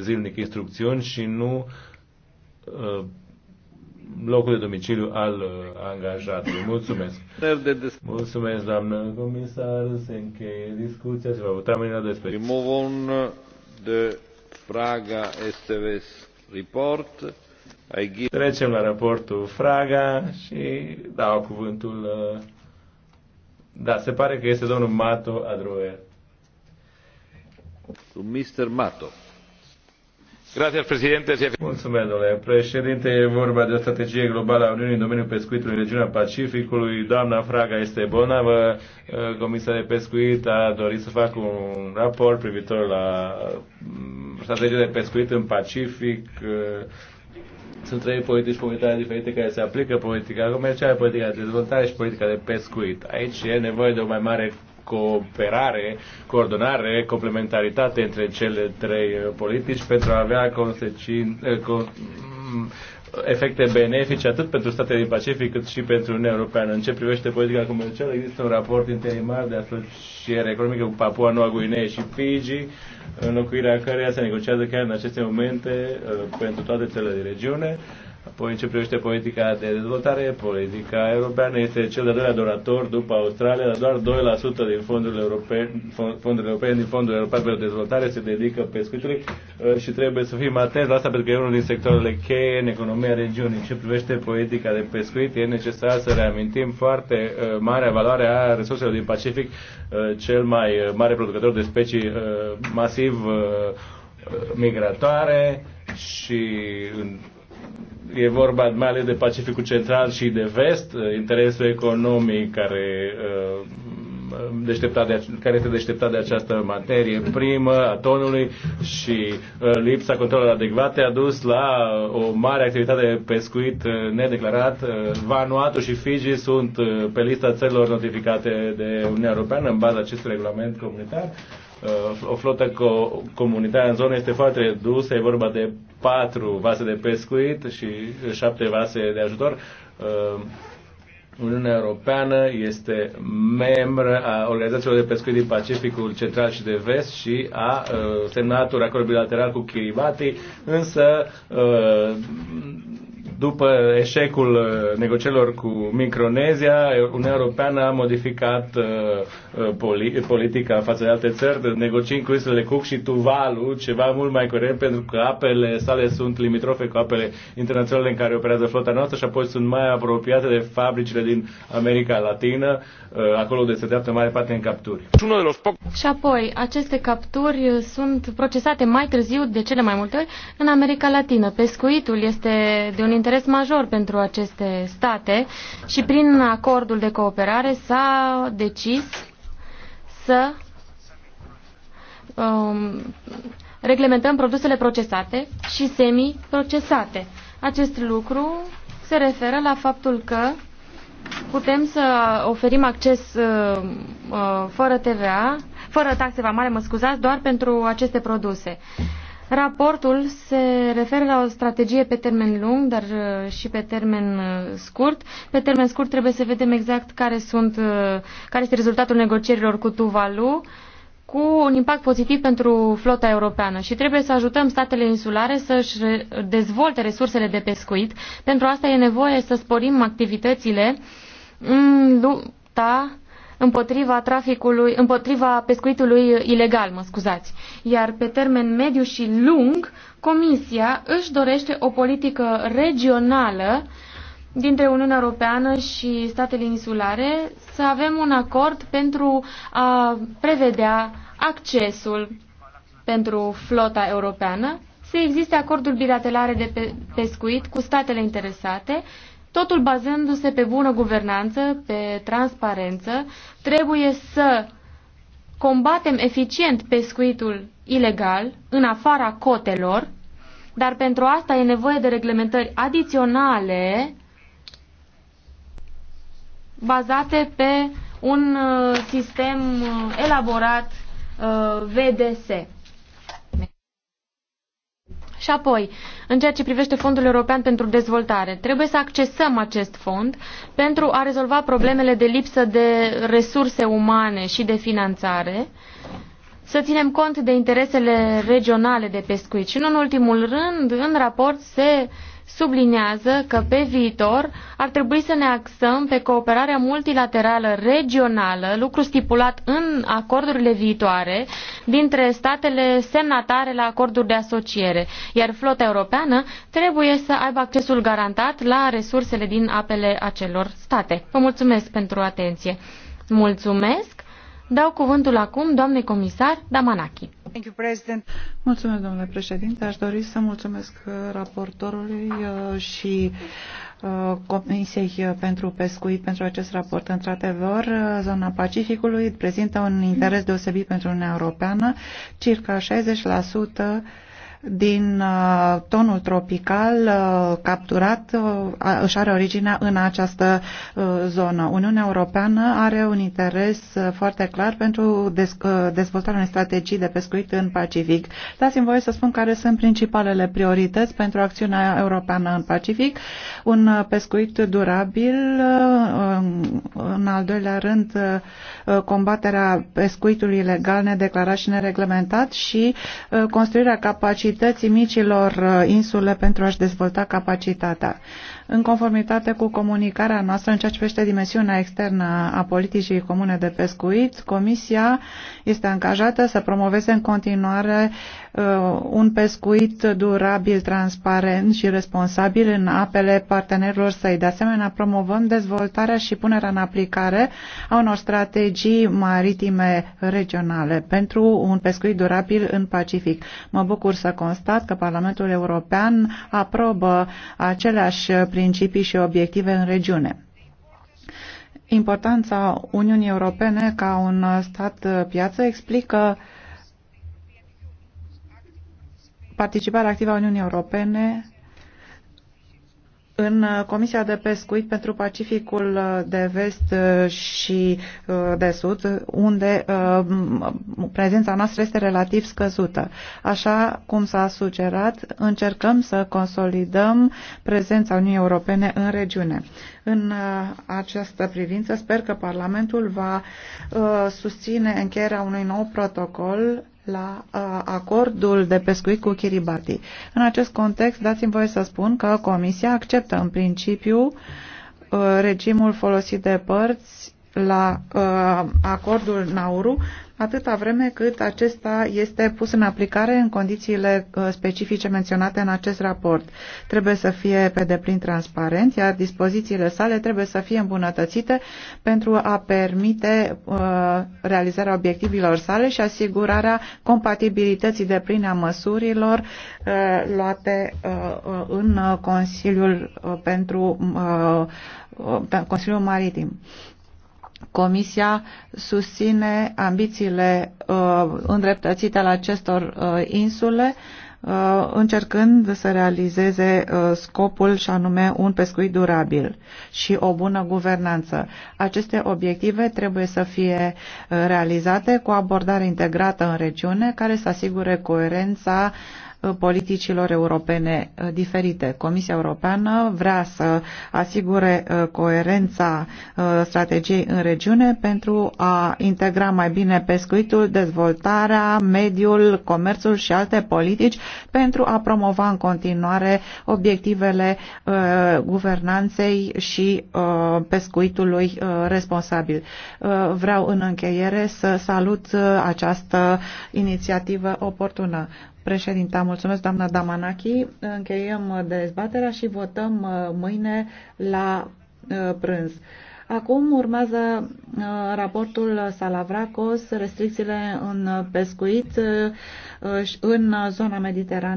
zilnic instrucțiuni și nu uh, locul de domiciliu al uh, angajatului. Mulțumesc! Mulțumesc, doamnă comisar, se încheie discuția, se va vota mâine despre. primul de Fraga STVS Report. Trecem la raportul Fraga și dau cuvântul... Uh, da, se pare că este domnul Mato Adroer. Mr. Mato. Mulțumesc, domnule președinte. E vorba de o strategie globală a Uniunii în domeniul pescuitului în regiunea Pacificului. Doamna Fraga este bolnavă. Eh, Comisia de pescuit a dorit să facă un raport privitor la mm, strategia de pescuit în Pacific. Eh, sunt trei politici comunitare diferite care se aplică, politica comercială, politica de dezvoltare și politica de pescuit. Aici e nevoie de o mai mare cooperare, coordonare, complementaritate între cele trei uh, politici pentru a avea uh, mm, efecte benefice atât pentru statele din Pacific cât și pentru Uniunea Europeană. În ce privește politica comercială, există un raport interimar de asociere economică cu Papua Noua Guinee și Fiji, înlocuirea căreia se negociază chiar în aceste momente uh, pentru toate țările din regiune. Apoi, în ce privește politica de dezvoltare, politica europeană este cel de-al doilea donator după Australia, dar doar 2% din fondurile europene, fondurile europene din Fondul European pentru Dezvoltare se dedică pescuitului uh, și trebuie să fim atenți la asta pentru că e unul din sectoarele cheie în economia regiunii. În ce privește politica de pescuit, e necesar să reamintim foarte uh, marea valoare a resurselor din Pacific, uh, cel mai mare producător de specii masiv migratoare și E vorba mai ales de Pacificul Central și de Vest, uh, interesul economic care, uh, deșteptat de, care este deșteptat de această materie primă a tonului și uh, lipsa controlului adecvate a dus la o mare activitate de pescuit nedeclarat. Vanuatu și Fiji sunt pe lista țărilor notificate de Uniunea Europeană în baza acestui regulament comunitar o flotă co- comunitară în zonă este foarte redusă, e vorba de patru vase de pescuit și șapte vase de ajutor. Uh, Uniunea Europeană este membră a organizațiilor de pescuit din Pacificul Central și de Vest și a uh, semnat un acord bilateral cu Kiribati, însă uh, după eșecul uh, negocierilor cu Micronezia, Uniunea Europeană a modificat uh, uh, poli- politica față de alte țări, negociind cu insulele Cook și Tuvalu ceva mult mai corect, pentru că apele sale sunt limitrofe cu apele internaționale în care operează flota noastră și apoi sunt mai apropiate de fabricile din America Latină, acolo unde se dreaptă mare parte în capturi. Și apoi, aceste capturi sunt procesate mai târziu, de cele mai multe ori, în America Latină. Pescuitul este de un interes interes major pentru aceste state și prin acordul de cooperare s-a decis să um, reglementăm produsele procesate și semi-procesate. Acest lucru se referă la faptul că putem să oferim acces uh, uh, fără TVA, fără taxe mare, mă scuzați, doar pentru aceste produse. Uh, Raportul se referă la o strategie pe termen lung, dar uh, și pe termen uh, scurt. Pe termen scurt trebuie să vedem exact care, sunt, uh, care este rezultatul negocierilor cu Tuvalu cu un impact pozitiv pentru flota europeană și trebuie să ajutăm statele insulare să-și dezvolte resursele de pescuit. Pentru asta e nevoie să sporim activitățile în lupta împotriva traficului, împotriva pescuitului ilegal, mă scuzați. Iar pe termen mediu și lung, Comisia își dorește o politică regională dintre Uniunea Europeană și statele insulare să avem un acord pentru a prevedea accesul pentru flota europeană, să existe acorduri bilaterale de pescuit cu statele interesate totul bazându-se pe bună guvernanță, pe transparență, trebuie să combatem eficient pescuitul ilegal în afara cotelor, dar pentru asta e nevoie de reglementări adiționale bazate pe un uh, sistem uh, elaborat uh, VDS. Și apoi, în ceea ce privește Fondul European pentru Dezvoltare, trebuie să accesăm acest fond pentru a rezolva problemele de lipsă de resurse umane și de finanțare, să ținem cont de interesele regionale de pescuit. Și nu în ultimul rând, în raport se subliniază că pe viitor ar trebui să ne axăm pe cooperarea multilaterală regională, lucru stipulat în acordurile viitoare dintre statele semnatare la acorduri de asociere, iar flota europeană trebuie să aibă accesul garantat la resursele din apele acelor state. Vă mulțumesc pentru atenție. Mulțumesc. Dau cuvântul acum doamnei comisar Damanaki. Mulțumesc, domnule președinte. Aș dori să mulțumesc uh, raportorului uh, și uh, Comisiei pentru Pescuit pentru acest raport. Într-adevăr, zona Pacificului prezintă un interes deosebit pentru Uniunea Europeană. Circa 60% din uh, tonul tropical uh, capturat uh, își are originea în această zonă. Uniunea Europeană are un interes foarte clar pentru dezvoltarea unei strategii de pescuit în Pacific. Dați-mi voie să spun care sunt principalele priorități pentru acțiunea europeană în Pacific. Un pescuit durabil, în al doilea rând combaterea pescuitului ilegal nedeclarat și nereglementat și construirea capacității capacității micilor uh, insule pentru a-și dezvolta capacitatea în conformitate cu comunicarea noastră în ceea ce privește dimensiunea externă a politicii comune de pescuit, Comisia este angajată să promoveze în continuare uh, un pescuit durabil, transparent și responsabil în apele partenerilor săi. De asemenea, promovăm dezvoltarea și punerea în aplicare a unor strategii maritime regionale pentru un pescuit durabil în Pacific. Mă bucur să constat că Parlamentul European aprobă aceleași principii principii și obiective în regiune. Importanța Uniunii Europene ca un stat piață explică participarea activă a Uniunii Europene în uh, Comisia de Pescuit pentru Pacificul uh, de Vest uh, și de Sud, unde prezența noastră este relativ scăzută. Așa cum s-a sugerat, încercăm să consolidăm prezența Uniunii Europene în regiune. În această privință, sper că Parlamentul va susține încheierea unui nou protocol la acordul de pescuit cu Kiribati. În acest context, dați-mi voie să spun că Comisia acceptă în principiu regimul folosit de părți la acordul Nauru atâta vreme cât acesta este pus în aplicare în condițiile uh, specifice menționate în acest raport. Trebuie să fie pe deplin transparent, iar dispozițiile sale trebuie să fie îmbunătățite pentru a permite uh, realizarea obiectivelor sale și asigurarea compatibilității de plin a măsurilor uh, luate în Consiliul pentru Consiliul Maritim. Comisia susține ambițiile uh, îndreptățite ale acestor uh, insule, uh, încercând să realizeze uh, scopul și anume un pescuit durabil și o bună guvernanță. Aceste obiective trebuie să fie uh, realizate cu o abordare integrată în regiune care să asigure coerența uh, politicilor europene uh, diferite. Comisia Europeană vrea să asigure uh, coerența uh, strategiei în regiune pentru a integra mai bine pescuitul, dezvoltarea, mediul, comerțul și alte politici pentru a promova în continuare obiectivele guvernanței și pescuitului responsabil. Vreau în încheiere să salut această inițiativă oportună. Președinta, mulțumesc doamna Damanachi. Încheiem uh, dezbaterea și votăm uh, mâine la uh, prânz. Acum urmează raportul Salavracos, restricțiile în pescuit în zona mediterană.